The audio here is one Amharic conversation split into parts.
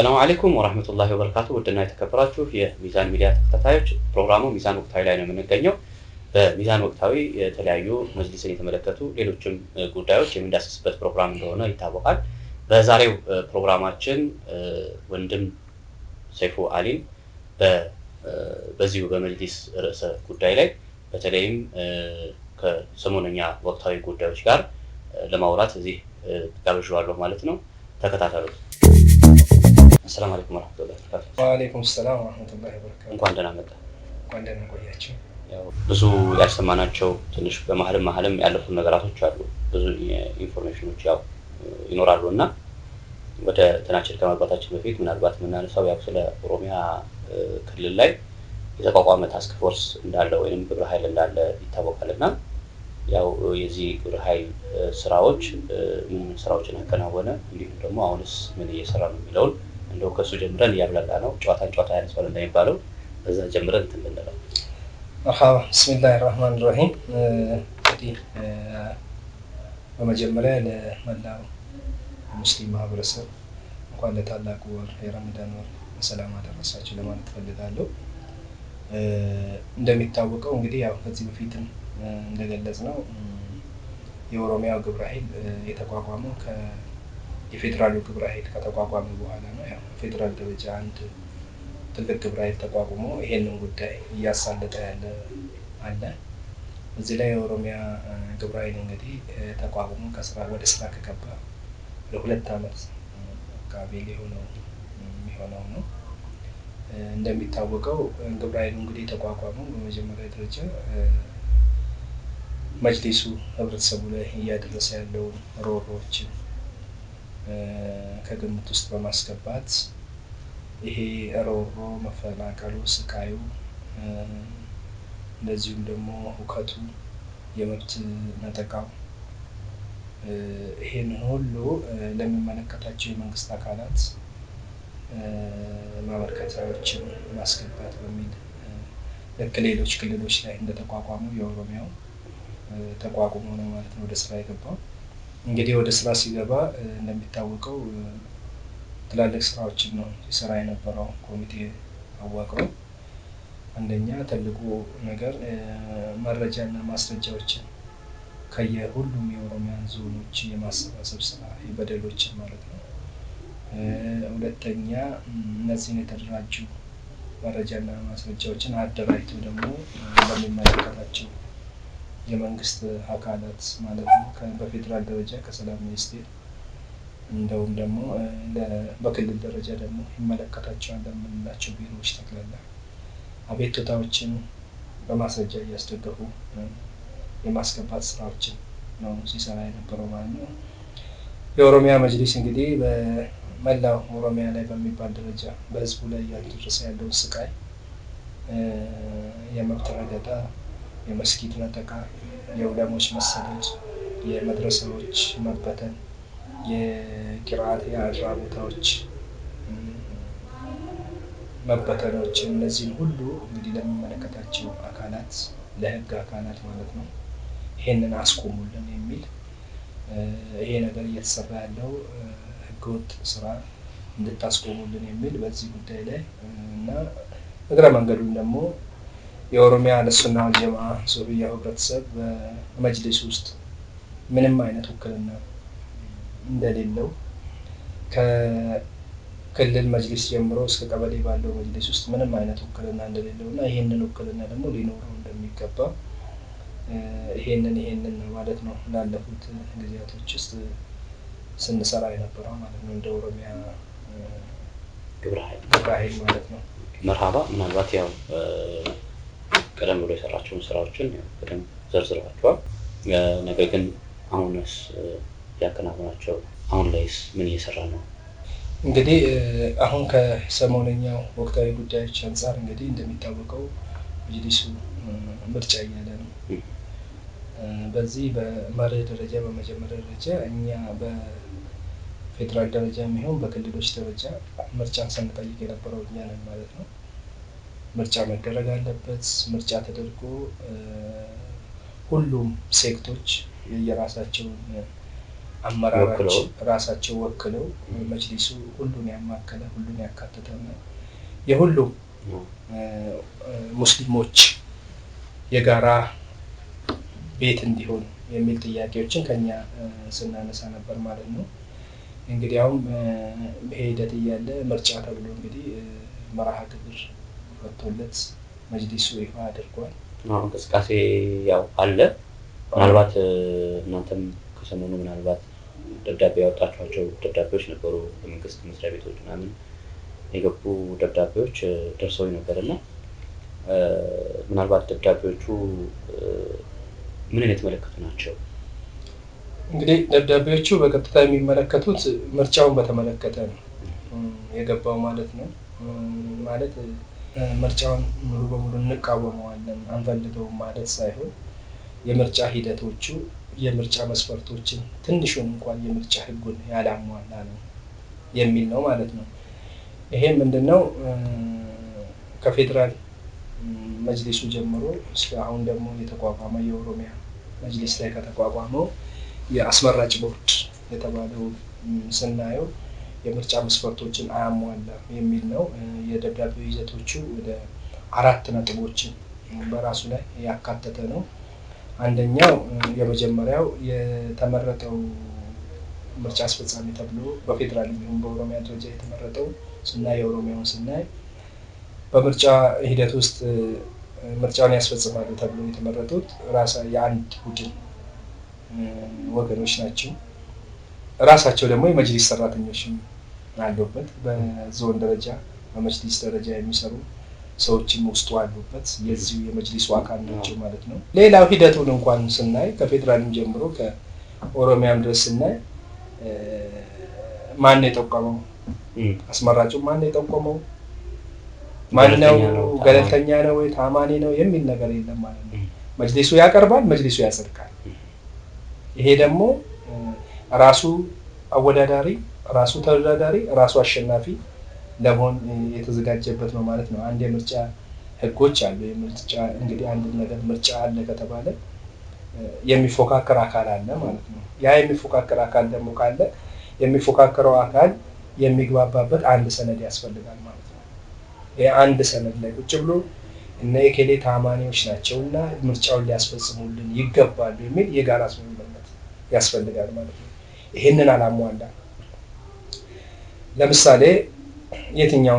ሰላም አለይኩም ወራህመቱላሂ ወበረካቱ። ውድና የተከበራችሁ የሚዛን ሚዲያ ተከታታዮች ፕሮግራሙ ሚዛን ወቅታዊ ላይ ነው የምንገኘው። በሚዛን ወቅታዊ የተለያዩ መጅሊስን የተመለከቱ ሌሎችም ጉዳዮች የምንዳሰስበት ፕሮግራም እንደሆነ ይታወቃል። በዛሬው ፕሮግራማችን ወንድም ሰይፉ አሊን በዚሁ በመጅሊስ ርዕሰ ጉዳይ ላይ በተለይም ከሰሞነኛ ወቅታዊ ጉዳዮች ጋር ለማውራት እዚህ ጋብዣዋለሁ ማለት ነው። ተከታተሉት። አሰላም አለይኩም ወራህመቱላሂ ወበረካቱ። ወአለይኩም ሰላም ወራህመቱላሂ ወበረካቱ። እንኳን ደህና መጣ። እንኳን ደህና ቆያችሁ። ብዙ ያልሰማናቸው ትንሽ በመሀልም መሀልም ያለፉ ነገራቶች አሉ። ብዙ ኢንፎርሜሽኖች ያው ይኖራሉ እና ወደ ትናችን ከመግባታችን በፊት ምናልባት የምናነሳው ያው ስለ ኦሮሚያ ክልል ላይ የተቋቋመ ታስክ ፎርስ እንዳለ ወይም ግብረ ኃይል እንዳለ ይታወቃል እና ያው የዚህ ግብረ ኃይል ስራዎች ምን ምን ስራዎችን አከናወነ እንዲሁም ደግሞ አሁንስ ምን እየሰራ ነው የሚለውን እንደው ከሱ ጀምረን እያብላላ ነው ጨዋታን ጨዋታ ያነሷል እንደሚባለው በዛ ጀምረን እንትን ብንለው። መርሓባ ብስሚላህ ራህማን ራሂም። እንግዲህ በመጀመሪያ ለመላው ሙስሊም ማህበረሰብ እንኳን ለታላቁ ወር የረመዳን ወር በሰላም አደረሳችሁ ለማለት እፈልጋለሁ። እንደሚታወቀው እንግዲህ ያው ከዚህ በፊትም እንደገለጽ ነው የኦሮሚያው ግብረ ኃይል የተቋቋመው የፌዴራሉ ግብረ ኃይል ከተቋቋመ በኋላ ነው። ያው ፌዴራል ደረጃ አንድ ትልቅ ግብረ ኃይል ተቋቁሞ ይሄንን ጉዳይ እያሳለጠ ያለ አለ። እዚህ ላይ የኦሮሚያ ግብረ ኃይል እንግዲህ ተቋቁሞ ከስራ ወደ ስራ ከገባ ለሁለት ሁለት አካባቢ ሊሆነው የሚሆነው ነው። እንደሚታወቀው ግብረ ኃይሉ እንግዲህ የተቋቋመው በመጀመሪያ ደረጃ መጅሊሱ ህብረተሰቡ ላይ እያደረሰ ያለውን ሮሮዎችን ከግምት ውስጥ በማስገባት ይሄ ሮሮ መፈናቀሉ፣ ስቃዩ፣ እንደዚሁም ደግሞ ሁከቱ፣ የመብት ነጠቃው ይሄን ሁሉ ለሚመለከታቸው የመንግስት አካላት ማመልከቻዎችን ማስገባት በሚል ልክ ሌሎች ክልሎች ላይ እንደተቋቋመ የኦሮሚያው ተቋቁሞ ነው ማለት ነው ወደ ስራ የገባው። እንግዲህ ወደ ስራ ሲገባ እንደሚታወቀው ትላልቅ ስራዎችን ነው ሲሰራ የነበረው ኮሚቴ አዋቅሮ። አንደኛ ትልቁ ነገር መረጃና ማስረጃዎችን ከየሁሉም የኦሮሚያን ዞኖች የማሰባሰብ ስራ የበደሎችን ማለት ነው። ሁለተኛ እነዚህን የተደራጁ መረጃና ማስረጃዎችን አደራጅቶ ደግሞ ለሚመለከታቸው። የመንግስት አካላት ማለት ነው በፌዴራል ደረጃ ከሰላም ሚኒስቴር እንደውም ደግሞ በክልል ደረጃ ደግሞ ይመለከታቸዋል ለምንላቸው ቢሮዎች ጠቅላላ አቤቱታዎችን በማስረጃ እያስደገፉ የማስገባት ስራዎችን ነው ሲሰራ የነበረው ማለት ነው። የኦሮሚያ መጅሊስ እንግዲህ በመላው ኦሮሚያ ላይ በሚባል ደረጃ በህዝቡ ላይ እያደረሰ ያለውን ስቃይ የመብት ረገጣ የመስጊድ ነጠቃ፣ የዑለሞች መሰደድ፣ የመድረሰዎች መበተን፣ የቂርአት የአድራ ቦታዎች መበተኖች እነዚህን ሁሉ እንግዲህ ለሚመለከታቸው አካላት ለህግ አካላት ማለት ነው ይህንን አስቆሙልን የሚል ይሄ ነገር እየተሰራ ያለው ህገወጥ ስራ እንድታስቆሙልን የሚል በዚህ ጉዳይ ላይ እና እግረ መንገዱን ደግሞ የኦሮሚያ ንሱና አልጀማ ሱሪያ ህብረተሰብ በመጅልስ ውስጥ ምንም አይነት ውክልና እንደሌለው ከክልል መጅልስ ጀምሮ እስከ ቀበሌ ባለው መጅልስ ውስጥ ምንም አይነት ውክልና እንደሌለው እና ይህንን ውክልና ደግሞ ሊኖረው እንደሚገባ ይሄንን ይሄንን ማለት ነው ላለፉት ጊዜያቶች ውስጥ ስንሰራ የነበረው ማለት ነው እንደ ኦሮሚያ ግብረ ኃይል ማለት ነው። መርሃባ ምናልባት ያው ቀደም ብሎ የሰራቸውን ስራዎችን በደንብ ዘርዝረዋቸዋል። ነገር ግን አሁንስ ያከናውናቸው አሁን ላይስ ምን እየሰራ ነው? እንግዲህ አሁን ከሰሞነኛው ወቅታዊ ጉዳዮች አንጻር እንግዲህ እንደሚታወቀው መጅሊሱ ምርጫ እያለ ነው። በዚህ በመርህ ደረጃ በመጀመሪያ ደረጃ እኛ በፌዴራል ደረጃ የሚሆን በክልሎች ደረጃ ምርጫን ስንጠይቅ የነበረው እኛ ነን ማለት ነው። ምርጫ መደረግ አለበት። ምርጫ ተደርጎ ሁሉም ሴክቶች የራሳቸውን አመራራች ራሳቸው ወክለው መጅሊሱ ሁሉን ያማከለ ሁሉን ያካተተ የሁሉም ሙስሊሞች የጋራ ቤት እንዲሆን የሚል ጥያቄዎችን ከኛ ስናነሳ ነበር ማለት ነው። እንግዲህ አሁን ይሄ ሂደት እያለ ምርጫ ተብሎ እንግዲህ መርሃ ግብር ወጥቶለት መጅሊሱ ይፋ አድርጓል። እንቅስቃሴ ያው አለ። ምናልባት እናንተም ከሰሞኑ ምናልባት ደብዳቤ ያወጣችኋቸው ደብዳቤዎች ነበሩ፣ በመንግስት መስሪያ ቤቶች ምናምን የገቡ ደብዳቤዎች ደርሰው ነበር እና ምናልባት ደብዳቤዎቹ ምንን የተመለከቱ ናቸው? እንግዲህ ደብዳቤዎቹ በቀጥታ የሚመለከቱት ምርጫውን በተመለከተ ነው የገባው ማለት ነው ማለት ምርጫውን ሙሉ በሙሉ እንቃወመዋለን አንፈልገውም ማለት ሳይሆን የምርጫ ሂደቶቹ የምርጫ መስፈርቶችን ትንሹን እንኳን የምርጫ ህጉን ያላሟላ ነው የሚል ነው ማለት ነው። ይሄ ምንድን ነው? ከፌዴራል መጅሊሱ ጀምሮ እስከ አሁን ደግሞ የተቋቋመ የኦሮሚያ መጅሊስ ላይ ከተቋቋመው የአስመራጭ ቦርድ የተባለው ስናየው የምርጫ መስፈርቶችን አያሟላም የሚል ነው። የደብዳቤው ይዘቶቹ ወደ አራት ነጥቦችን በራሱ ላይ ያካተተ ነው። አንደኛው የመጀመሪያው የተመረጠው ምርጫ አስፈጻሚ ተብሎ በፌዴራል ይሁን በኦሮሚያ ደረጃ የተመረጠው ስናይ የኦሮሚያውን ስናይ በምርጫ ሂደት ውስጥ ምርጫውን ያስፈጽማሉ ተብሎ የተመረጡት ራሳ የአንድ ቡድን ወገኖች ናቸው። ራሳቸው ደግሞ የመጅሊስ ሰራተኞችም አሉበት። በዞን ደረጃ በመጅሊስ ደረጃ የሚሰሩ ሰዎችም ውስጡ አሉበት። የዚሁ የመጅሊሱ አካል ናቸው ማለት ነው። ሌላው ሂደቱን እንኳን ስናይ ከፌዴራልም ጀምሮ ከኦሮሚያም ድረስ ስናይ ማን የጠቆመው አስመራጩ ማን የጠቆመው ማነው? ገለልተኛ ነው ወይ ታማኒ ነው የሚል ነገር የለም ማለት ነው። መጅሊሱ ያቀርባል፣ መጅሊሱ ያጸድቃል። ይሄ ደግሞ ራሱ አወዳዳሪ ራሱ ተወዳዳሪ ራሱ አሸናፊ ለመሆን የተዘጋጀበት ነው ማለት ነው። አንድ የምርጫ ህጎች አሉ። የምርጫ እንግዲህ አንድ ነገር ምርጫ አለ ከተባለ የሚፎካከር አካል አለ ማለት ነው። ያ የሚፎካከር አካል ደግሞ ካለ የሚፎካከረው አካል የሚግባባበት አንድ ሰነድ ያስፈልጋል ማለት ነው። ይህ አንድ ሰነድ ላይ ቁጭ ብሎ እነ የኬሌ ታማኒዎች ናቸው እና ምርጫውን ሊያስፈጽሙልን ይገባሉ የሚል የጋራ ስምምነት ያስፈልጋል ማለት ነው። ይህንን አላሟላ። ለምሳሌ የትኛው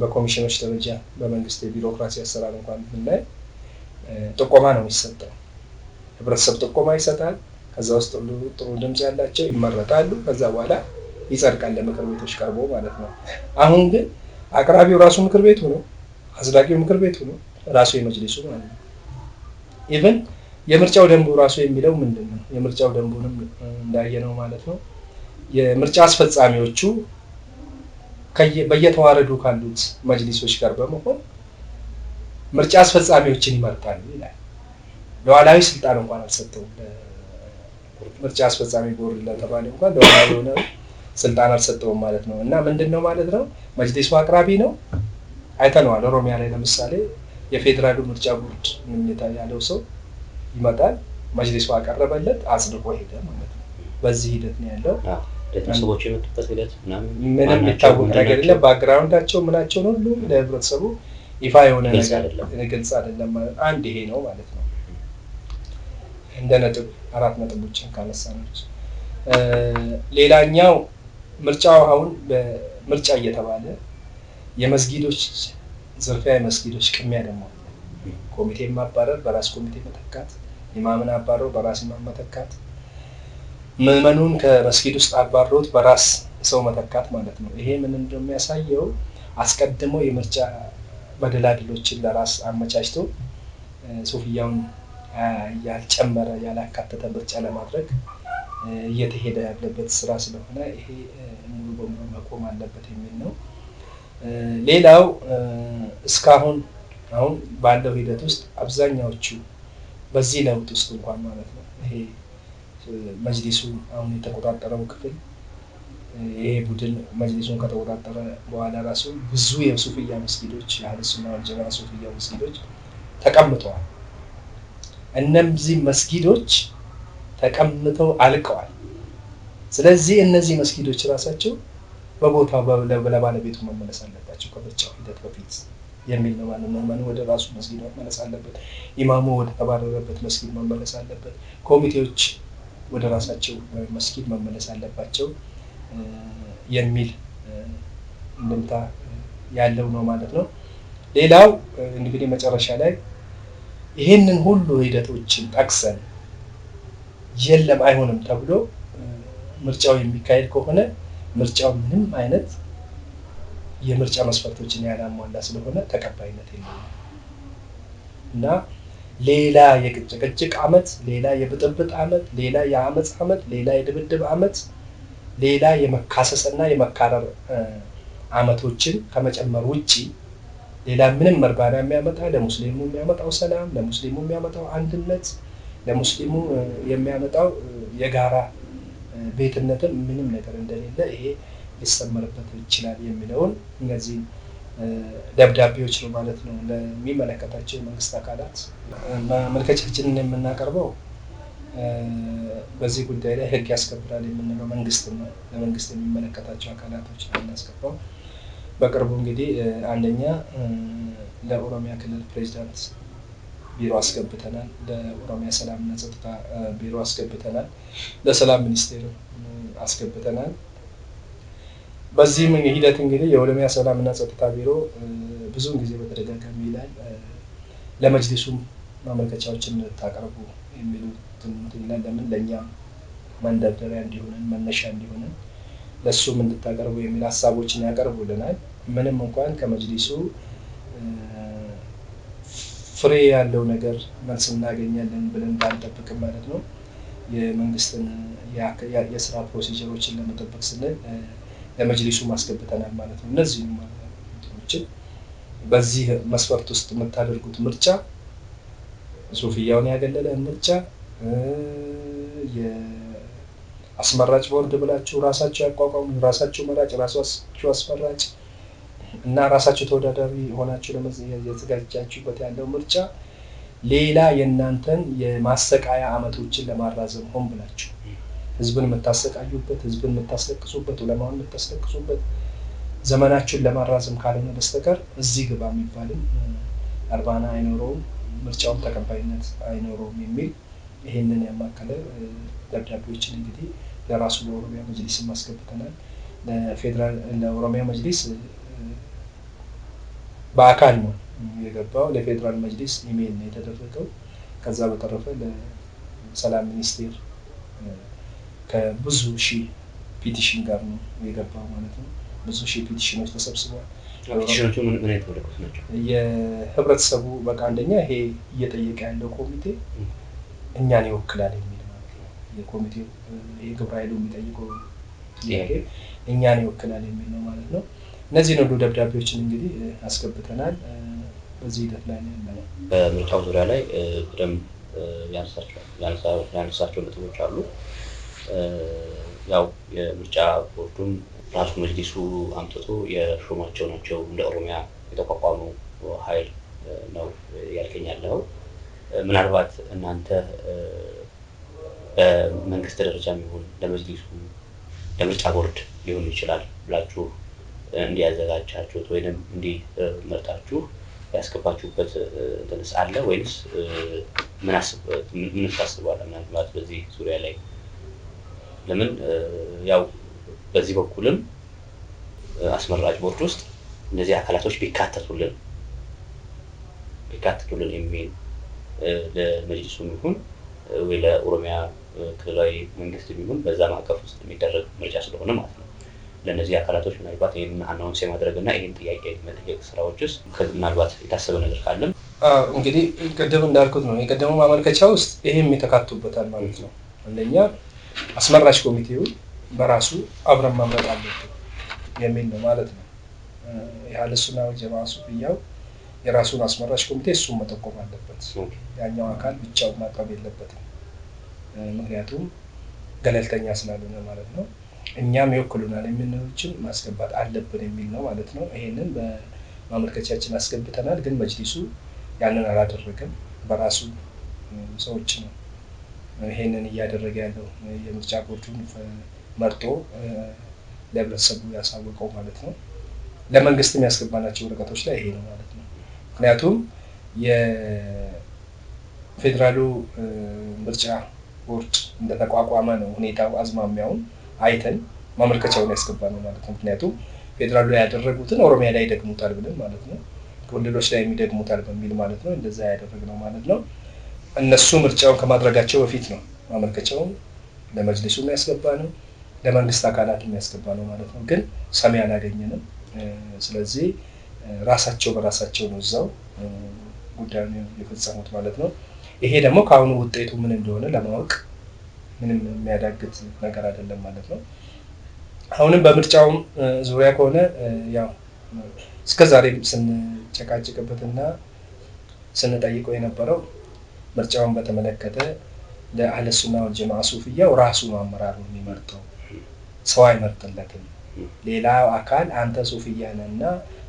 በኮሚሽኖች ደረጃ በመንግስት የቢሮክራሲ አሰራር እንኳን ብናይ ጥቆማ ነው የሚሰጠው። ህብረተሰብ ጥቆማ ይሰጣል። ከዛ ውስጥ ጥሩ ድምፅ ያላቸው ይመረጣሉ። ከዛ በኋላ ይጸድቃል፣ ለምክር ቤቶች ቀርቦ ማለት ነው። አሁን ግን አቅራቢው ራሱ ምክር ቤቱ ነው፣ አጽዳቂው ምክር ቤቱ ነው፣ ራሱ የመጅሊሱ ማለት ነው ኢቨን የምርጫው ደንቡ ራሱ የሚለው ምንድን ነው? የምርጫው ደንቡንም እንዳየነው ማለት ነው። የምርጫ አስፈጻሚዎቹ በየተዋረዱ ካሉት መጅሊሶች ጋር በመሆን ምርጫ አስፈጻሚዎችን ይመርጣሉ ይላል። ለዋላዊ ስልጣን እንኳን አልሰጠውም። ምርጫ አስፈጻሚ ቦርድ ለተባለ እንኳን ለዋላዊ የሆነ ስልጣን አልሰጠውም ማለት ነው። እና ምንድን ነው ማለት ነው? መጅሊሱ አቅራቢ ነው። አይተነዋል። ኦሮሚያ ላይ ለምሳሌ የፌዴራሉ ምርጫ ቦርድ ያለው ሰው ይመጣል። መጅሊሱ አቀረበለት፣ አጽድቆ ሄደ ማለት ነው። በዚህ ሂደት ነው ያለው። ቤተሰቦች የመጡበት ሂደት ምንም የሚታወቅ ነገር የለም። ባክግራውንዳቸው ምናቸውን ሁሉ ለህብረተሰቡ ይፋ የሆነ ነገር ግልጽ አይደለም። አንድ ይሄ ነው ማለት ነው። እንደ ነጥብ አራት ነጥቦችን ካነሳ ነች። ሌላኛው ምርጫው አሁን በምርጫ እየተባለ የመስጊዶች ዝርፊያ፣ የመስጊዶች ቅሚያ ደግሞ ኮሚቴ ማባረር፣ በራስ ኮሚቴ መተካት ኢማምን አባሮ በራስ ኢማም መተካት፣ ምዕመኑን ከመስጊድ ውስጥ አባሮት በራስ ሰው መተካት ማለት ነው። ይሄ ምን እንደሚያሳየው አስቀድሞ የምርጫ መደላድሎችን ለራስ አመቻችቶ ሱፍያውን ያልጨመረ ያላካተተ ምርጫ ለማድረግ እየተሄደ ያለበት ስራ ስለሆነ ይሄ ሙሉ በሙሉ መቆም አለበት የሚል ነው። ሌላው እስካሁን አሁን ባለው ሂደት ውስጥ አብዛኛዎቹ በዚህ ለውጥ ውስጥ እንኳን ማለት ነው ይሄ መጅሊሱ አሁን የተቆጣጠረው ክፍል ይሄ ቡድን መጅሊሱን ከተቆጣጠረ በኋላ ራሱ ብዙ የሱፍያ መስጊዶች የአህልሱና ወልጀማ ሱፍያ መስጊዶች ተቀምጠዋል። እነዚህ መስጊዶች ተቀምጠው አልቀዋል። ስለዚህ እነዚህ መስጊዶች ራሳቸው በቦታው ለባለቤቱ መመለስ አለባቸው ከምርጫው ሂደት በፊት የሚል ነው ማለት ነው። ወደ ራሱ መስጊድ መመለስ አለበት። ኢማሙ ወደ ተባረረበት መስጊድ መመለስ አለበት። ኮሚቴዎች ወደ ራሳቸው መስጊድ መመለስ አለባቸው የሚል እንድምታ ያለው ነው ማለት ነው። ሌላው እንግዲህ መጨረሻ ላይ ይህንን ሁሉ ሂደቶችን ጠቅሰን የለም አይሆንም ተብሎ ምርጫው የሚካሄድ ከሆነ ምርጫው ምንም አይነት የምርጫ መስፈርቶችን ያላሟላ ስለሆነ ተቀባይነት የለውም እና ሌላ የግጭቅጭቅ አመት ሌላ የብጥብጥ አመት ሌላ የአመፅ ዓመት፣ ሌላ የድብድብ አመት ሌላ የመካሰስ እና የመካረር አመቶችን ከመጨመር ውጭ ሌላ ምንም እርባና የሚያመጣ ለሙስሊሙ የሚያመጣው ሰላም፣ ለሙስሊሙ የሚያመጣው አንድነት፣ ለሙስሊሙ የሚያመጣው የጋራ ቤትነትን ምንም ነገር እንደሌለ ይሄ ሊሰመርበት ይችላል የሚለውን እነዚህ ደብዳቤዎች ነው ማለት ነው ለሚመለከታቸው የመንግስት አካላት መልከቻችንን የምናቀርበው በዚህ ጉዳይ ላይ ህግ ያስከብራል የምንለው መንግስት ነው። ለመንግስት የሚመለከታቸው አካላቶች ነው የምናስገባው። በቅርቡ እንግዲህ አንደኛ ለኦሮሚያ ክልል ፕሬዚዳንት ቢሮ አስገብተናል። ለኦሮሚያ ሰላምና ጸጥታ ቢሮ አስገብተናል። ለሰላም ሚኒስቴር አስገብተናል። በዚህም ሂደት እንግዲህ የኦሮሚያ ሰላምና ጸጥታ ቢሮ ብዙውን ጊዜ በተደጋጋሚ ይላል ለመጅሊሱም ማመልከቻዎችን ታቀርቡ የሚሉትን ይላል። ለምን ለእኛ መንደርደሪያ እንዲሆንን መነሻ እንዲሆንን ለእሱም እንድታቀርቡ የሚል ሀሳቦችን ያቀርቡልናል። ምንም እንኳን ከመጅሊሱ ፍሬ ያለው ነገር መልስ እናገኛለን ብለን ባንጠብቅም ማለት ነው የመንግስትን የስራ ፕሮሲጀሮችን ለመጠበቅ ስንል ለመጅሊሱ ማስገብተናል ማለት ነው። እነዚህ ችን በዚህ መስፈርት ውስጥ የምታደርጉት ምርጫ ሱፍያውን ያገለለ ምርጫ አስመራጭ ቦርድ ብላችሁ ራሳቸው ያቋቋሙ ራሳቸው መራጭ ራሳችሁ አስመራጭ እና ራሳችሁ ተወዳዳሪ ሆናችሁ የተዘጋጃችሁበት ያለው ምርጫ ሌላ የእናንተን የማሰቃያ ዓመቶችን ለማራዘም ሆን ብላችሁ ህዝብን የምታሰቃዩበት፣ ህዝብን የምታስለቅሱበት፣ ዑለማውን የምታስለቅሱበት ዘመናችን ለማራዘም ካልሆነ በስተቀር እዚህ ግባ የሚባልም እርባና አይኖረውም፣ ምርጫውም ተቀባይነት አይኖረውም የሚል ይህንን ያማከለ ደብዳቤዎችን እንግዲህ ለራሱ ለኦሮሚያ መጅሊስ አስገብተናል። ለኦሮሚያ መጅሊስ በአካል ነው የገባው። ለፌዴራል መጅሊስ ኢሜይል ነው የተደረገው። ከዛ በተረፈ ለሰላም ሚኒስቴር ከብዙ ሺህ ፒቲሽን ጋር ነው የገባ ማለት ነው። ብዙ ሺህ ፒቲሽኖች ተሰብስበዋል። ምን ምን አይነት ናቸው? የህብረተሰቡ በቃ አንደኛ ይሄ እየጠየቀ ያለው ኮሚቴ እኛን ይወክላል የሚል ማለት ነው። የኮሚቴው የግብረ ኃይሉ የሚጠይቀው ጥያቄ እኛን ይወክላል የሚል ነው ማለት ነው። እነዚህን ሁሉ ደብዳቤዎችን እንግዲህ አስገብተናል። በዚህ ሂደት ላይ ነው ያለነው። በምርጫው ዙሪያ ላይ በደንብ ያነሳቸው ነጥቦች አሉ ያው የምርጫ ቦርዱም ራሱ መጅሊሱ አምጥቶ የሾማቸው ናቸው። እንደ ኦሮሚያ የተቋቋሙ ኃይል ነው ያልከኝ ያለው። ምናልባት እናንተ በመንግስት ደረጃ የሚሆን ለመጅሊሱ ለምርጫ ቦርድ ሊሆን ይችላል ብላችሁ እንዲያዘጋጃችሁት ወይም እንዲመርጣችሁ ያስገባችሁበት ትንስ አለ ወይንስ ምን ታስባለ? ምናልባት በዚህ ዙሪያ ላይ ለምን ያው በዚህ በኩልም አስመራጭ ቦርድ ውስጥ እነዚህ አካላቶች ቢካተቱልን ቢካተቱልን የሚል ለመጅልሱም ይሁን ወይ ለኦሮሚያ ክልላዊ መንግስት ቢሆን በዛ ማዕቀፍ ውስጥ የሚደረግ ምርጫ ስለሆነ ማለት ነው። ለእነዚህ አካላቶች ምናልባት ይህን አናውንስ የማድረግ እና ይህን ጥያቄ መጠየቅ ስራዎች ውስጥ ምናልባት የታሰበ ነገር ካለም እንግዲህ ቅድም እንዳልኩት ነው የቀደመው ማመልከቻ ውስጥ ይህም የተካቱበታል ማለት ነው። አንደኛ አስመራሽ ኮሚቴው በራሱ አብረን መምረጥ አለብን የሚል ነው ማለት ነው። የአህለ ሱና ሱፍያው የራሱን አስመራሽ ኮሚቴ እሱን መጠቆም አለበት። ያኛው አካል ብቻውን ማቅረብ የለበትም። ምክንያቱም ገለልተኛ ስላልሆነ ማለት ነው። እኛም ይወክሉናል የምንችን ማስገባት አለብን የሚል ነው ማለት ነው። ይሄንን በማመልከቻችን አስገብተናል፣ ግን መጅሊሱ ያንን አላደረገም። በራሱ ሰዎች ነው ይሄንን እያደረገ ያለው የምርጫ ቦርዱን መርጦ ለህብረተሰቡ ያሳወቀው ማለት ነው። ለመንግስት የሚያስገባናቸው ወረቀቶች ላይ ይሄ ነው ማለት ነው። ምክንያቱም የፌዴራሉ ምርጫ ቦርድ እንደተቋቋመ ነው ሁኔታው አዝማሚያውን አይተን ማመልከቻውን ያስገባ ነው ማለት ነው። ምክንያቱም ፌዴራሉ ያደረጉትን ኦሮሚያ ላይ ይደግሙታል ብለን ማለት ነው፣ ክልሎች ላይ የሚደግሙታል በሚል ማለት ነው እንደዛ ያደረግነው ማለት ነው። እነሱ ምርጫውን ከማድረጋቸው በፊት ነው ማመልከቻውን ለመጅልሱ የሚያስገባ ነው፣ ለመንግስት አካላት የሚያስገባ ነው ማለት ነው። ግን ሰሚ አላገኘንም። ስለዚህ ራሳቸው በራሳቸው ነው እዛው ጉዳዩን የፈጸሙት ማለት ነው። ይሄ ደግሞ ከአሁኑ ውጤቱ ምን እንደሆነ ለማወቅ ምንም የሚያዳግት ነገር አይደለም ማለት ነው። አሁንም በምርጫውም ዙሪያ ከሆነ ያው እስከ ዛሬ ስንጨቃጭቅበትና ስንጠይቀው የነበረው ምርጫውን በተመለከተ ለአህለሱና ወልጀማ ሱፍያው ራሱ አመራር ነው የሚመርጠው፣ ሰው አይመርጥለትም። ሌላ አካል አንተ ሱፍያ ነና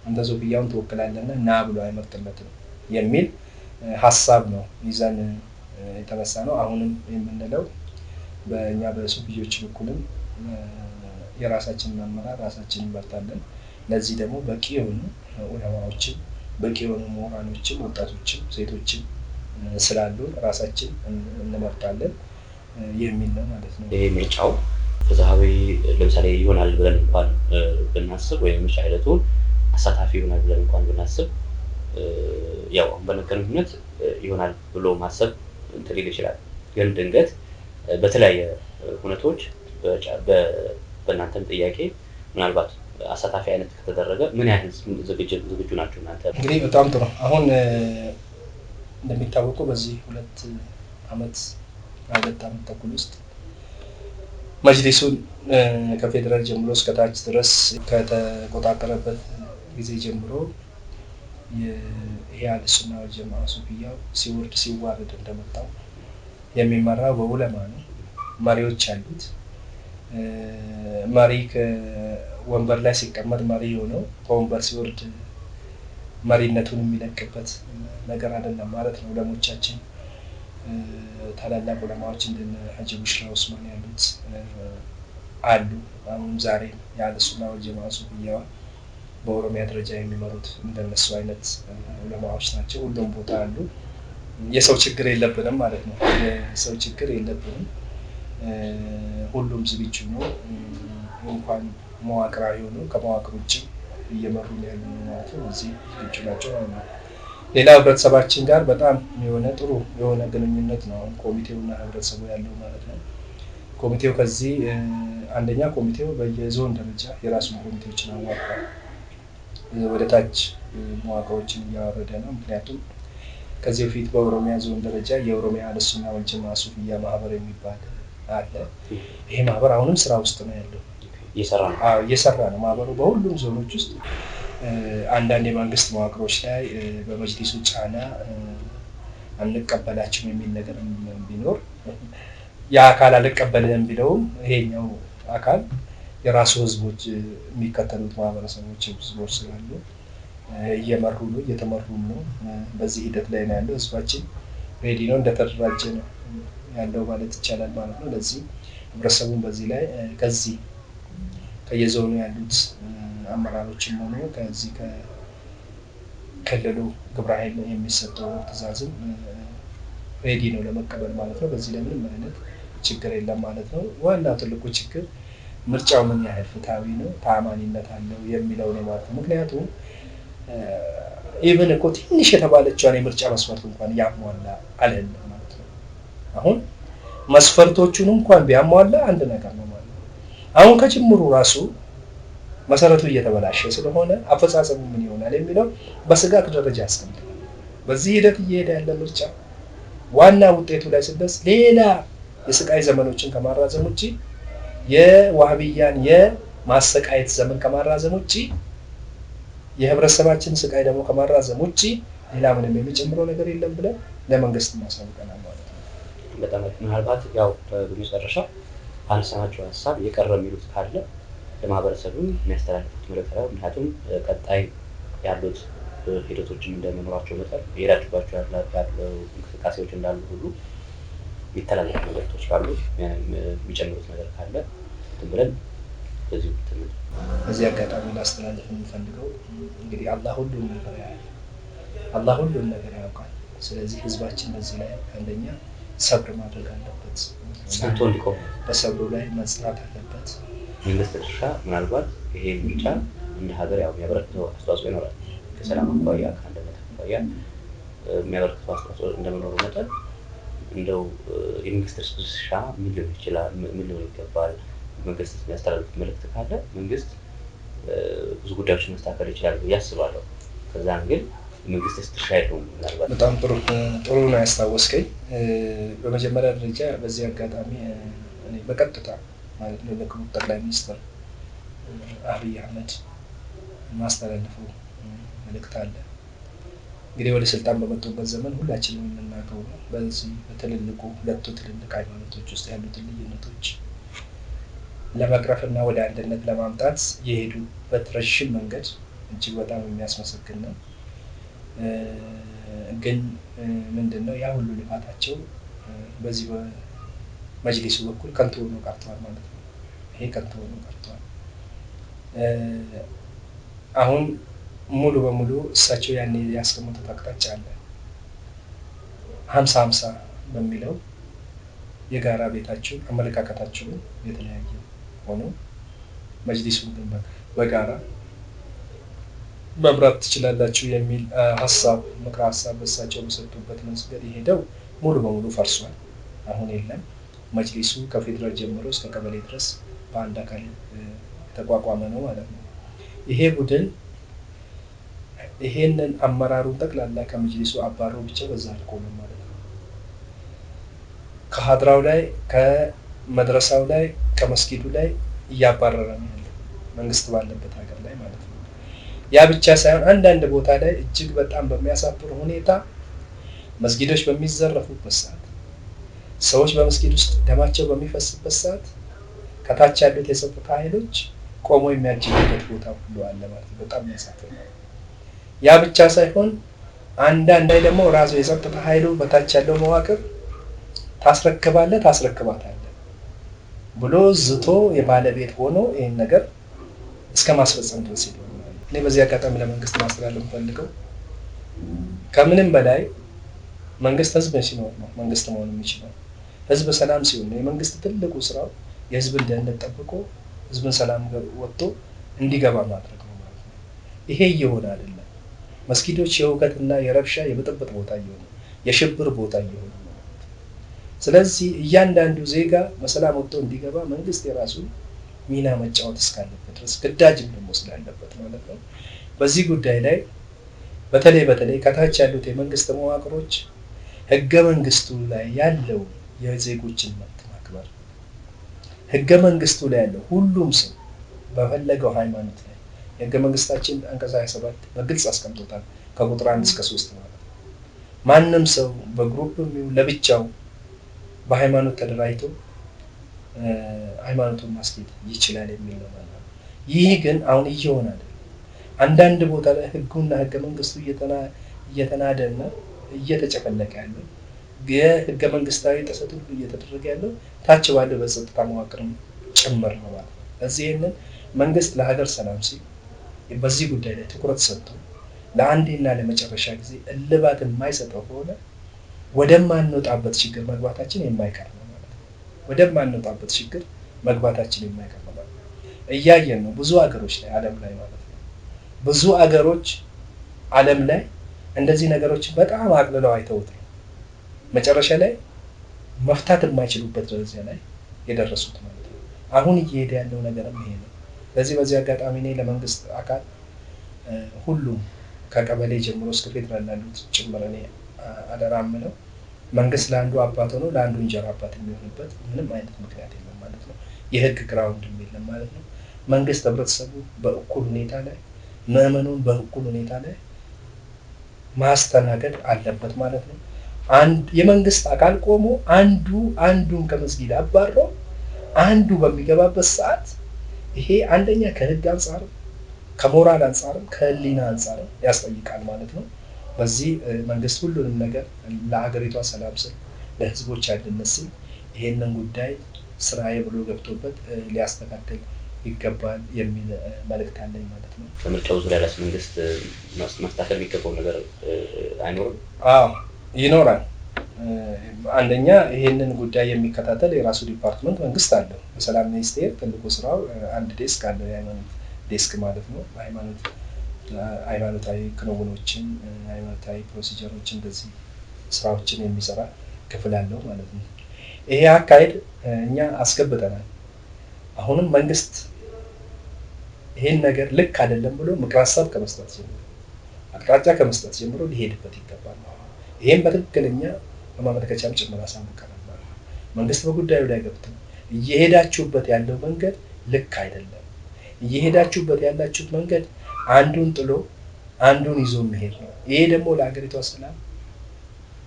አንተ ሱፍያውን ትወክላለና ና ብሎ አይመርጥለትም የሚል ሀሳብ ነው ይዘን የተነሳ ነው። አሁንም የምንለው በእኛ በሱፍዮች በኩልም የራሳችንን አመራር ራሳችን እንመርጣለን። ለዚህ ደግሞ በቂ የሆኑ ዑለማዎችም በቂ የሆኑ ምሁራኖችም፣ ወጣቶችም፣ ሴቶችም ስላሉ ራሳችን እንመርጣለን የሚል ነው ማለት ነው። ይህ ምርጫው ፍትሐዊ ለምሳሌ ይሆናል ብለን እንኳን ብናስብ ወይም ምርጫ ሂደቱ አሳታፊ ይሆናል ብለን እንኳን ብናስብ ያው በነገርን ምክንያት ይሆናል ብሎ ማሰብ እንትን ሊል ይችላል። ግን ድንገት በተለያየ ሁነቶች በእናንተም ጥያቄ ምናልባት አሳታፊ አይነት ከተደረገ ምን ያህል ዝግጁ ናቸው እናንተ? እንግዲህ በጣም ጥሩ አሁን እንደሚታወቀው በዚህ ሁለት አመት ሁለት አመት ተኩል ውስጥ መጅሊሱን ከፌዴራል ጀምሮ እስከታች ድረስ ከተቆጣጠረበት ጊዜ ጀምሮ ይሄ አልሱና ወጀማ ሱፍያው ሲወርድ ሲዋረድ እንደመጣው የሚመራ በውለማ ነው። መሪዎች አሉት። መሪ ከወንበር ላይ ሲቀመጥ መሪ የሆነው ከወንበር ሲወርድ መሪነቱን የሚለቅበት ነገር አይደለም ማለት ነው። ለሞቻችን ታላላቅ ዑለማዎች እንደነ ሀጂ ቡሽራ ኡስማን ያሉት አሉ። አሁንም ዛሬ የአህለሱና ወልጀማዓ ሱፍያዋ በኦሮሚያ ደረጃ የሚመሩት እንደነሱ አይነት ዑለማዎች ናቸው። ሁሉም ቦታ አሉ። የሰው ችግር የለብንም ማለት ነው። የሰው ችግር የለብንም። ሁሉም ዝግጁ ነው። እንኳን መዋቅራዊ ሆኖ ከመዋቅር ውጭ እየመሩ ያሉ ማለት ነው። እዚህ ልጆች ናቸው ማለት ነው። ሌላ ህብረተሰባችን ጋር በጣም የሆነ ጥሩ የሆነ ግንኙነት ነው ኮሚቴውና ህብረተሰቡ ያለው ማለት ነው። ኮሚቴው ከዚህ አንደኛ ኮሚቴው በየዞን ደረጃ የራሱን ኮሚቴዎችን አዋቅሯል። ወደ ታች መዋቅሮችን እያወረደ ነው። ምክንያቱም ከዚህ በፊት በኦሮሚያ ዞን ደረጃ የኦሮሚያ አነሱና ወንጀል ማሱፍያ ማህበር የሚባል አለ። ይሄ ማህበር አሁንም ስራ ውስጥ ነው ያለው እየሰራ ነው ማህበሩ በሁሉም ዞኖች ውስጥ አንዳንድ የመንግስት መዋቅሮች ላይ በመጅሊሱ ጫና አንቀበላችሁም የሚል ነገር ቢኖር ያ አካል አልቀበልህም ቢለውም ይሄኛው አካል የራሱ ህዝቦች የሚከተሉት ማህበረሰቦች ህዝቦች ስላሉ እየመሩ ነው እየተመሩም ነው። በዚህ ሂደት ላይ ነው ያለው። ህዝባችን ሬዲ ነው፣ እንደተደራጀ ነው ያለው ማለት ይቻላል ማለት ነው። ለዚህ ህብረተሰቡን በዚህ ላይ ከዚህ በየዞኑ ያሉት አመራሮችም ሆኖ ከዚህ ከክልሉ ግብረ ኃይል የሚሰጠው ትዕዛዝም ሬዲ ነው ለመቀበል ማለት ነው። በዚህ ለምንም አይነት ችግር የለም ማለት ነው። ዋናው ትልቁ ችግር ምርጫው ምን ያህል ፍትሐዊ ነው፣ ተአማኒነት አለው የሚለው ነው ማለት ነው። ምክንያቱም ኢቨን እኮ ትንሽ የተባለችዋን የምርጫ መስፈርት እንኳን ያሟላ አለን ማለት ነው። አሁን መስፈርቶቹን እንኳን ቢያሟላ አንድ ነገር ነው አሁን ከጅምሩ ራሱ መሰረቱ እየተበላሸ ስለሆነ አፈጻጸሙ ምን ይሆናል የሚለው በስጋት ደረጃ ያስቀምጣል። በዚህ ሂደት እየሄደ ያለ ምርጫ ዋና ውጤቱ ላይ ስደስ ሌላ የስቃይ ዘመኖችን ከማራዘም ውጭ የዋህብያን የማሰቃየት ዘመን ከማራዘም ውጭ የህብረተሰባችን ስቃይ ደግሞ ከማራዘም ውጭ ሌላ ምንም የሚጨምረው ነገር የለም ብለን ለመንግስት ማሳውቀናል ማለት ነው። በጣም ምናልባት ያው በመጨረሻ ባነሳናቸው ሀሳብ የቀረ የሚሉት ካለ ለማህበረሰቡ የሚያስተላልፉት መልዕክት ነው። ምክንያቱም ቀጣይ ያሉት ሂደቶችን እንደመኖራቸው መጠን የሄዳችሁባቸው ያለው እንቅስቃሴዎች እንዳሉ ሁሉ የሚተላለፉ መልዕክቶች ካሉ የሚጨምሩት ነገር ካለ ብለን በዚሁ ትምል በዚህ አጋጣሚ ላስተላልፍ የምፈልገው እንግዲህ አላህ ሁሉን ነገር ያያል። አላህ ሁሉን ነገር ያውቃል። ስለዚህ ህዝባችን በዚህ ላይ አንደኛ ሰብር ማድረግ አለበት። ጸንቶ እንዲቆም በሰብሉ ላይ መስራት አለበት። መንግስት ድርሻ ምናልባት ይሄ ምርጫ እንደ ሀገር ያው የሚያበረክተው አስተዋጽኦ ይኖራል። ከሰላም አኳያ ከአንድነት አኳያ የሚያበረክተው አስተዋጽኦ እንደመኖሩ መጠን እንደው የመንግስት ድርሻ ምን ሊሆን ይችላል? ምን ሊሆን ይገባል? መንግስት የሚያስተላልፍ መልእክት ካለ መንግስት ብዙ ጉዳዮችን መስተካከል ይችላል ብዬ አስባለሁ። ከዛም ግን መንግስት ድርሻ የለውም? ምናልባት በጣም ጥሩ ጥሩ ነው ያስታወስከኝ። በመጀመሪያ ደረጃ በዚህ አጋጣሚ በቀጥታ ማለት ነው ለክቡር ጠቅላይ ሚኒስትር አብይ አህመድ ማስተላለፈው መልእክት አለ። እንግዲህ ወደ ስልጣን በመጡበት ዘመን ሁላችንም የምናውቀው ነው። በዚህ በትልልቁ ሁለቱ ትልልቅ ሃይማኖቶች ውስጥ ያሉትን ልዩነቶች ለመቅረፍ እና ወደ አንድነት ለማምጣት የሄዱበት ረዥም መንገድ እጅግ በጣም የሚያስመሰግን ነው። ግን ምንድን ነው ያ ሁሉ ልፋታቸው በዚህ በመጅሊሱ በኩል ከንቱ ሆኖ ቀርተዋል ማለት ነው። ይሄ ከንቱ ሆኖ ቀርተዋል። አሁን ሙሉ በሙሉ እሳቸው ያኔ ያስቀመጡት አቅጣጫ አለ ሀምሳ ሀምሳ በሚለው የጋራ ቤታቸው አመለካከታችሁን የተለያየ ሆኖ መጅሊሱን ግን በጋራ መምራት ትችላላችሁ የሚል ሀሳብ ምክረ ሀሳብ በሳቸው በሰጡበት መንገድ የሄደው ሙሉ በሙሉ ፈርሷል። አሁን የለም። መጅሊሱ ከፌዴራል ጀምሮ እስከ ቀበሌ ድረስ በአንድ አካል የተቋቋመ ነው ማለት ነው። ይሄ ቡድን ይሄንን አመራሩን ጠቅላላ ከመጅሊሱ አባረው ብቻ በዛ አልቆመም ማለት ነው። ከሀድራው ላይ ከመድረሳው ላይ ከመስጊዱ ላይ እያባረረ ነው ያለ መንግስት ባለበት ሀገር ላይ ማለት ነው። ያ ብቻ ሳይሆን አንዳንድ ቦታ ላይ እጅግ በጣም በሚያሳፍር ሁኔታ መስጊዶች በሚዘረፉበት ሰዓት፣ ሰዎች በመስጊድ ውስጥ ደማቸው በሚፈስበት ሰዓት ከታች ያሉት የጸጥታ ኃይሎች ቆሞ የሚያጅበት ቦታ ሁሉ አለ ማለት በጣም የሚያሳፍር ነው። ያ ብቻ ሳይሆን አንዳንድ ላይ ደግሞ ራሱ የጸጥታ ኃይሉ በታች ያለው መዋቅር ታስረክባለህ ታስረክባታለህ ብሎ ዝቶ የባለቤት ሆኖ ይህን ነገር እስከ ማስፈጸም ድረስ ሄዷል። እኔ በዚህ አጋጣሚ ለመንግስት ማስተላለፍ ፈልገው ከምንም በላይ መንግስት ህዝብ ሲኖር ነው መንግስት መሆን የሚችለው። ህዝብ ሰላም ሲሆን ነው። የመንግስት ትልቁ ስራው የህዝብን ደህንነት ጠብቆ ህዝብን ሰላም ወጥቶ እንዲገባ ማድረግ ነው ማለት ነው። ይሄ እየሆነ አይደለም። መስጊዶች የእውከትና የረብሻ የብጥብጥ ቦታ እየሆኑ የሽብር ቦታ እየሆኑ ስለዚህ እያንዳንዱ ዜጋ በሰላም ወጥቶ እንዲገባ መንግስት የራሱን ሚና መጫወት እስካለበት ድረስ ግዳጅም ደግሞ ስላለበት ማለት ነው። በዚህ ጉዳይ ላይ በተለይ በተለይ ከታች ያሉት የመንግስት መዋቅሮች ህገ መንግስቱ ላይ ያለው የዜጎችን መብት ማክበር፣ ህገ መንግስቱ ላይ ያለው ሁሉም ሰው በፈለገው ሃይማኖት ላይ የህገ መንግስታችን አንቀጽ 27 በግልጽ አስቀምጦታል። ከቁጥር አንድ እስከ ሶስት ማለት ነው። ማንም ሰው በግሩፕ ለብቻው በሃይማኖት ተደራጅቶ ሃይማኖቱን ማስጌጥ ይችላል የሚል ነው ማለት ነው። ይህ ግን አሁን እየሆነ አይደለም። አንዳንድ ቦታ ላይ ህጉና ህገ መንግስቱ እየተናደና እየተጨፈለቀ ያለው የህገ መንግስታዊ ጥሰት ሁሉ እየተደረገ ያለው ታች ባለው በጸጥታ መዋቅርም ጭምር ነው ማለት ነው። እዚህ ይህንን መንግስት ለሀገር ሰላም ሲል በዚህ ጉዳይ ላይ ትኩረት ሰጥቶ ለአንዴና ለመጨረሻ ጊዜ እልባት የማይሰጠው ከሆነ ወደማንወጣበት ችግር መግባታችን የማይቀር ነው። ወደማንወጣበት ችግር መግባታችን የማይቀመማል እያየን ነው። ብዙ ሀገሮች ላይ ዓለም ላይ ማለት ነው ብዙ ሀገሮች ዓለም ላይ እንደዚህ ነገሮች በጣም አቅልለው አይተውት ነው መጨረሻ ላይ መፍታት የማይችሉበት ደረጃ ላይ የደረሱት ማለት ነው። አሁን እየሄደ ያለው ነገርም ይሄ ነው። ለዚህ በዚህ አጋጣሚ እኔ ለመንግስት አካል ሁሉም ከቀበሌ ጀምሮ እስከ ፌዴራል ላሉት ጭምር እኔ አደራ መንግስት ለአንዱ አባት ሆኖ ለአንዱ እንጀራ አባት የሚሆንበት ምንም አይነት ምክንያት የለም ማለት ነው። የህግ ግራውንድ የለም ማለት ነው። መንግስት ህብረተሰቡ በእኩል ሁኔታ ላይ ምዕመኑን በእኩል ሁኔታ ላይ ማስተናገድ አለበት ማለት ነው። የመንግስት አካል ቆሞ አንዱ አንዱን ከመስጊድ አባሮ አንዱ በሚገባበት ሰዓት ይሄ አንደኛ ከህግ አንጻርም ከሞራል አንጻርም ከህሊና አንጻርም ያስጠይቃል ማለት ነው። በዚህ መንግስት ሁሉንም ነገር ለሀገሪቷ ሰላም ስል ለህዝቦች አንድነት ስል ይሄንን ጉዳይ ስራዬ ብሎ ገብቶበት ሊያስተካክል ይገባል የሚል መልእክት አለኝ ማለት ነው። በምርጫው ዙሪያ ላስ መንግስት ማስተካከል የሚገባው ነገር አይኖርም? አዎ ይኖራል። አንደኛ ይህንን ጉዳይ የሚከታተል የራሱ ዲፓርትመንት መንግስት አለው። በሰላም ሚኒስቴር ትልቁ ስራው አንድ ዴስክ አለው፣ የሃይማኖት ዴስክ ማለት ነው። በሃይማኖት ሃይማኖታዊ ክንውኖችን ሃይማኖታዊ ፕሮሲጀሮችን እንደዚህ ስራዎችን የሚሰራ ክፍል አለው ማለት ነው። ይሄ አካሄድ እኛ አስገብተናል። አሁንም መንግስት ይሄን ነገር ልክ አይደለም ብሎ ምክር ሀሳብ ከመስጠት ጀምሮ አቅጣጫ ከመስጠት ጀምሮ ሊሄድበት ይገባል። ይህም በትክክለኛ በማመልከቻም ጭምር አሳውቀናል። መንግስት በጉዳዩ ላይ ገብቶ እየሄዳችሁበት ያለው መንገድ ልክ አይደለም፣ እየሄዳችሁበት ያላችሁት መንገድ አንዱን ጥሎ አንዱን ይዞ መሄድ ነው። ይሄ ደግሞ ለሀገሪቷ ሰላም፣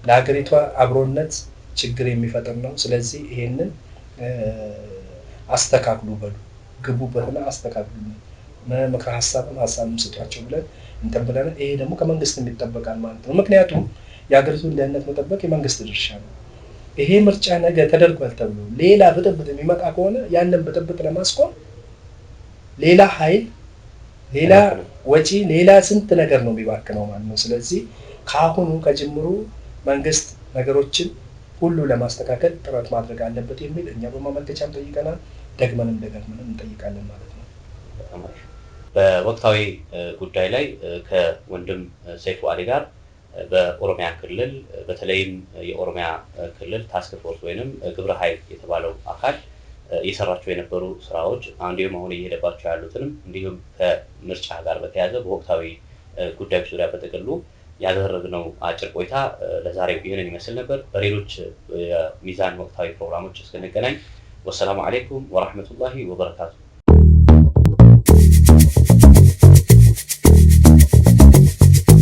ለሀገሪቷ አብሮነት ችግር የሚፈጥር ነው። ስለዚህ ይሄንን አስተካክሉ በሉ ግቡበትና አስተካክሉ ምክረ ሀሳብም ሀሳብም ስጧቸው ብለን ብለን ይሄ ደግሞ ከመንግስት የሚጠበቃል ማለት ነው። ምክንያቱም የሀገሪቱን ደህንነት መጠበቅ የመንግስት ድርሻ ነው። ይሄ ምርጫ ነገ ተደርጓል ተብሎ ሌላ ብጥብጥ የሚመጣ ከሆነ ያንን ብጥብጥ ለማስቆም ሌላ ኃይል ሌላ ወጪ፣ ሌላ ስንት ነገር ነው የሚባክነው ማለት ነው። ስለዚህ ከአሁኑ ከጅምሩ መንግስት ነገሮችን ሁሉ ለማስተካከል ጥረት ማድረግ አለበት የሚል እኛ በማመልከቻም ጠይቀናል፣ ደግመንም ደጋግመንም እንጠይቃለን ማለት ነው። በወቅታዊ ጉዳይ ላይ ከወንድም ሰይፉ አሊ ጋር በኦሮሚያ ክልል በተለይም የኦሮሚያ ክልል ታስክ ፎርስ ወይንም ግብረ ኃይል የተባለው አካል እየሰራቸው የነበሩ ስራዎች እንዲሁም አሁን እየሄደባቸው ያሉትንም እንዲሁም ከምርጫ ጋር በተያያዘ በወቅታዊ ጉዳዮች ዙሪያ በጥቅሉ ያደረግነው አጭር ቆይታ ለዛሬው ይህንን ይመስል ነበር። በሌሎች የሚዛን ወቅታዊ ፕሮግራሞች እስክንገናኝ ወሰላሙ አሌይኩም ወራህመቱላሂ ወበረካቱ።